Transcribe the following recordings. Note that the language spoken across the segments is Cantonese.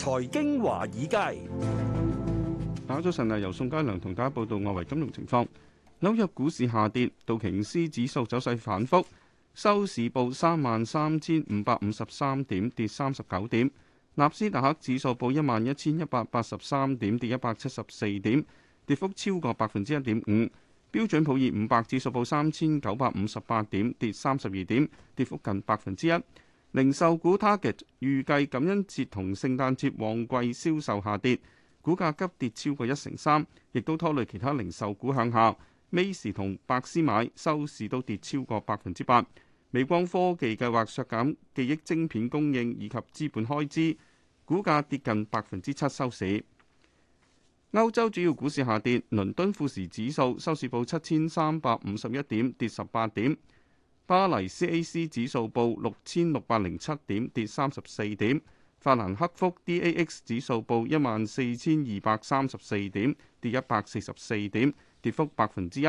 財經華爾街，早晨啊！由宋佳良同大家報道外圍金融情況。紐約股市下跌，道瓊斯指數走勢反覆，收市報三萬三千五百五十三點，跌三十九點。納斯達克指數報一萬一千一百八十三點，跌一百七十四點，跌幅超過百分之一點五。標準普爾五百指數報三千九百五十八點，跌三十二點，跌幅近百分之一。零售股 target 預計感恩節同聖誕節旺季銷售下跌，股價急跌超過一成三，亦都拖累其他零售股向下。梅西同百思買收市都跌超過百分之八。美光科技計劃削減記憶晶片供應以及資本開支，股價跌近百分之七收市。歐洲主要股市下跌，倫敦富時指數收市報七千三百五十一點，跌十八點。巴黎 CAC 指數報六千六百零七點，跌三十四點；法蘭克福 DAX 指數報一萬四千二百三十四點，跌一百四十四點，跌幅百分之一。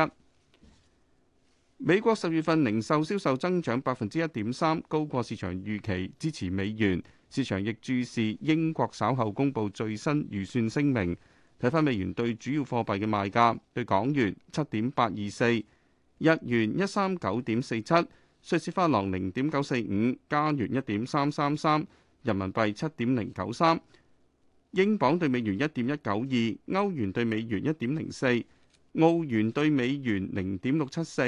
美國十月份零售銷售增長百分之一點三，高過市場預期，支持美元。市場亦注視英國稍後公布最新預算聲明。睇返美元對主要貨幣嘅賣價，對港元七點八二四。日元一三九點四七，瑞士法郎零點九四五，加元一點三三三，人民幣七點零九三，英鎊對美元一點一九二，歐元對美元一點零四，澳元對美元零點六七四，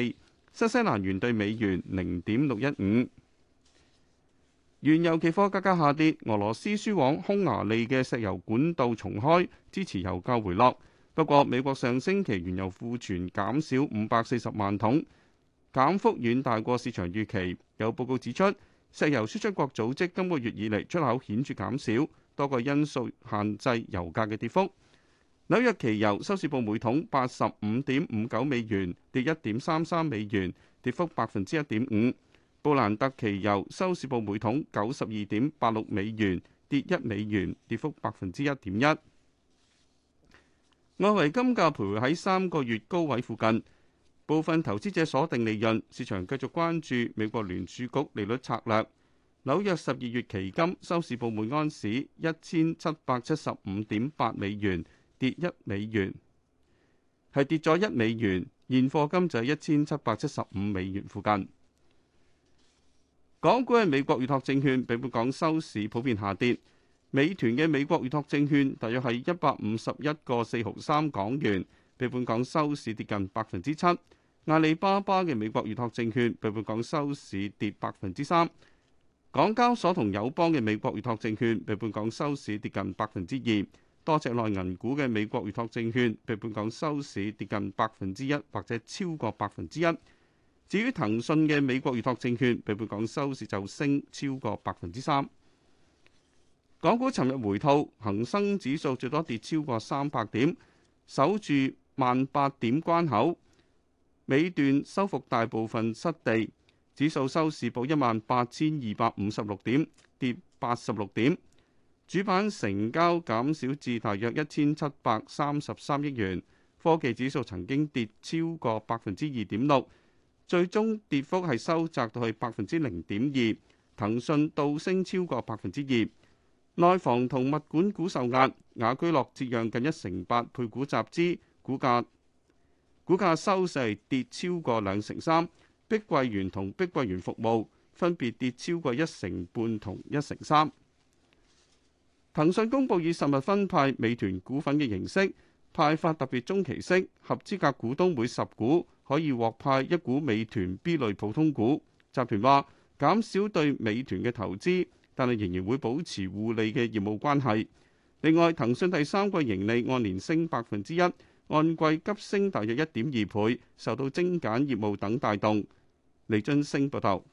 新西蘭元對美元零點六一五。原油期貨價格下跌，俄羅斯輸往匈牙利嘅石油管道重開，支持油價回落。不過，美國上星期原油庫存減少五百四十萬桶，減幅遠大過市場預期。有報告指出，石油輸出國組織今個月以嚟出口顯著減少，多個因素限制油價嘅跌幅。紐約期油收市報每桶八十五點五九美元，跌一點三三美元，跌幅百分之一點五。布蘭特期油收市報每桶九十二點八六美元，跌一美元，跌幅百分之一點一。外圍金價徘徊喺三個月高位附近，部分投資者鎖定利潤，市場繼續關注美國聯儲局利率策略。紐約十二月期金收市報每安士一千七百七十五點八美元，跌一美元，係跌咗一美元。現貨金就係一千七百七十五美元附近。港股喺美國預託證券，比本港收市普遍下跌。美團嘅美國預託證券，大約係一百五十一個四毫三港元，比本港收市跌近百分之七。阿里巴巴嘅美國預託證券比本港收市跌百分之三。港交所同友邦嘅美國預託證券比本港收市跌近百分之二。多隻內銀股嘅美國預託證券比本港收市跌近百分之一或者超過百分之一。至於騰訊嘅美國預託證券比本港收市就升超過百分之三。港股尋日回吐，恒生指數最多跌超過三百點，守住萬八點關口。尾段收復大部分失地，指數收市報一萬八千二百五十六點，跌八十六點。主板成交減少至大約一千七百三十三億元。科技指數曾經跌超過百分之二點六，最終跌幅係收窄到去百分之零點二。騰訊倒升超過百分之二。內房同物管股受壓，雅居樂折讓近一成八，配股集資，股價股價收市跌超過兩成三。碧桂園同碧桂園服務分別跌超過一成半同一成三。騰訊公布以實物分派美團股份嘅形式派發特別中期息，合資格股東每十股可以獲派一股美團 B 類普通股。集團話減少對美團嘅投資。但係仍然會保持互利嘅業務關係。另外，騰訊第三季盈利按年升百分之一，按季急升大約一點二倍，受到精簡業務等帶動。李津升報道。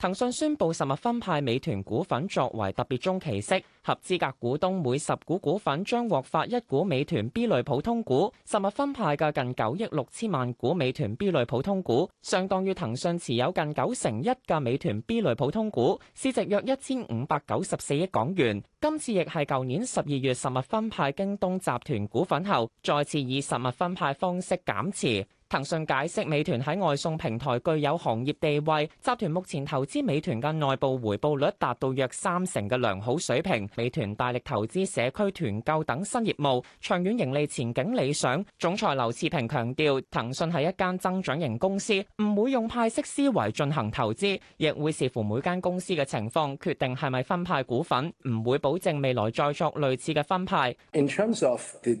騰訊宣布實物分派美團股份作為特別中期息，合資格股東每十股股份將獲發一股美團 B 類普通股。實物分派嘅近九億六千萬股美團 B 類普通股，相當於騰訊持有近九成一嘅美團 B 類普通股，市值約一千五百九十四億港元。今次亦係舊年十二月實物分派京東集團股份後，再次以實物分派方式減持。騰訊解釋，美團喺外送平台具有行業地位，集團目前投資美團嘅內部回報率達到約三成嘅良好水平。美團大力投資社區團購等新業務，長遠盈利前景理想。總裁劉熾平強調，騰訊係一間增長型公司，唔會用派息思維進行投資，亦會視乎每間公司嘅情況決定係咪分派股份，唔會保證未來再作類似嘅分派。In terms of the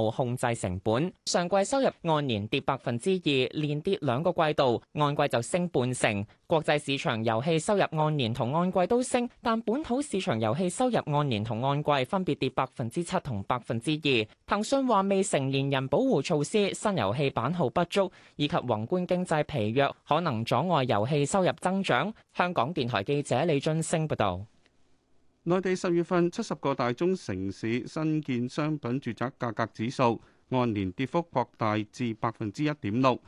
務控制成本，上季收入按年跌百分之二，連跌兩個季度，按季就升半成。國際市場遊戲收入按年同按季都升，但本土市場遊戲收入按年同按季分別跌百分之七同百分之二。騰訊話未成年人保護措施、新遊戲版號不足以及宏觀經濟疲弱，可能阻礙遊戲收入增長。香港電台記者李津升報道。內地十月份七十個大中城市新建商品住宅價格指數按年跌幅擴大至百分之一點六，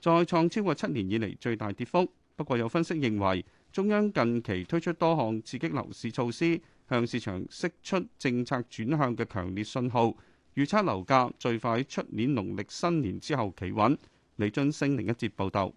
再創超過七年以嚟最大跌幅。不過有分析認為，中央近期推出多項刺激樓市措施，向市場釋出政策轉向嘅強烈信號，預測樓價最快出年農曆新年之後企穩。李津星另一節報道。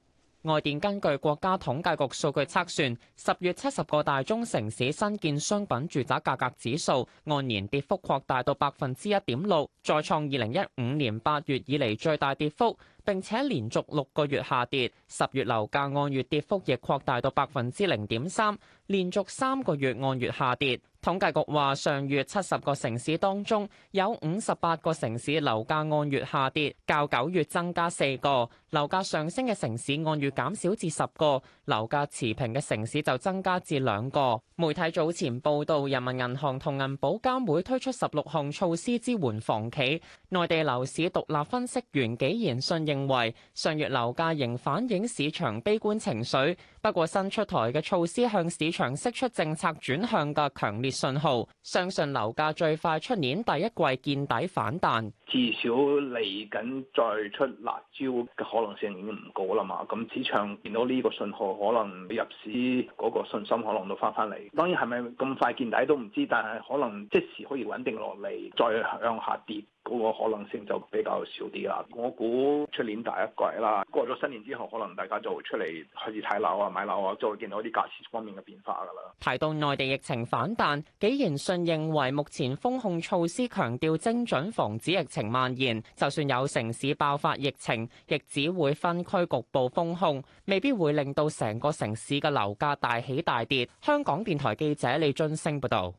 外電根據國家統計局數據測算，十月七十個大中城市新建商品住宅價格指數按年跌幅擴大到百分之一點六，再創二零一五年八月以嚟最大跌幅。並且連續六個月下跌，十月樓價按月跌幅亦擴大到百分之零點三，連續三個月按月下跌。統計局話，上月七十個城市當中有五十八個城市樓價按月下跌，較九月增加四個；樓價上升嘅城市按月減少至十個，樓價持平嘅城市就增加至兩個。媒體早前報道，人民銀行同銀保監會推出十六項措施支援房企。內地樓市獨立分析員幾然信認。認為上月樓價仍反映市場悲觀情緒，不過新出台嘅措施向市場釋出政策轉向嘅強烈信號，相信樓價最快出年第一季見底反彈。至少嚟緊再出辣椒嘅可能性已經唔高啦嘛，咁市場見到呢個信號，可能入市嗰個信心可能都翻翻嚟。當然係咪咁快見底都唔知，但係可能即時可以穩定落嚟，再向下跌。嗰個可能性就比較少啲啦。我估出年第一季啦，過咗新年之後可能大家就會出嚟，開始睇樓啊、買樓啊，就會見到一啲價錢方面嘅變化噶啦。提到內地疫情反彈，紀賢信認為目前封控措施強調精準防止疫情蔓延，就算有城市爆發疫情，亦只會分區局部封控，未必會令到成個城市嘅樓價大起大跌。香港電台記者李津升報道。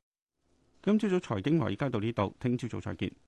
今朝早財經華爾街到呢度，聽朝早再見。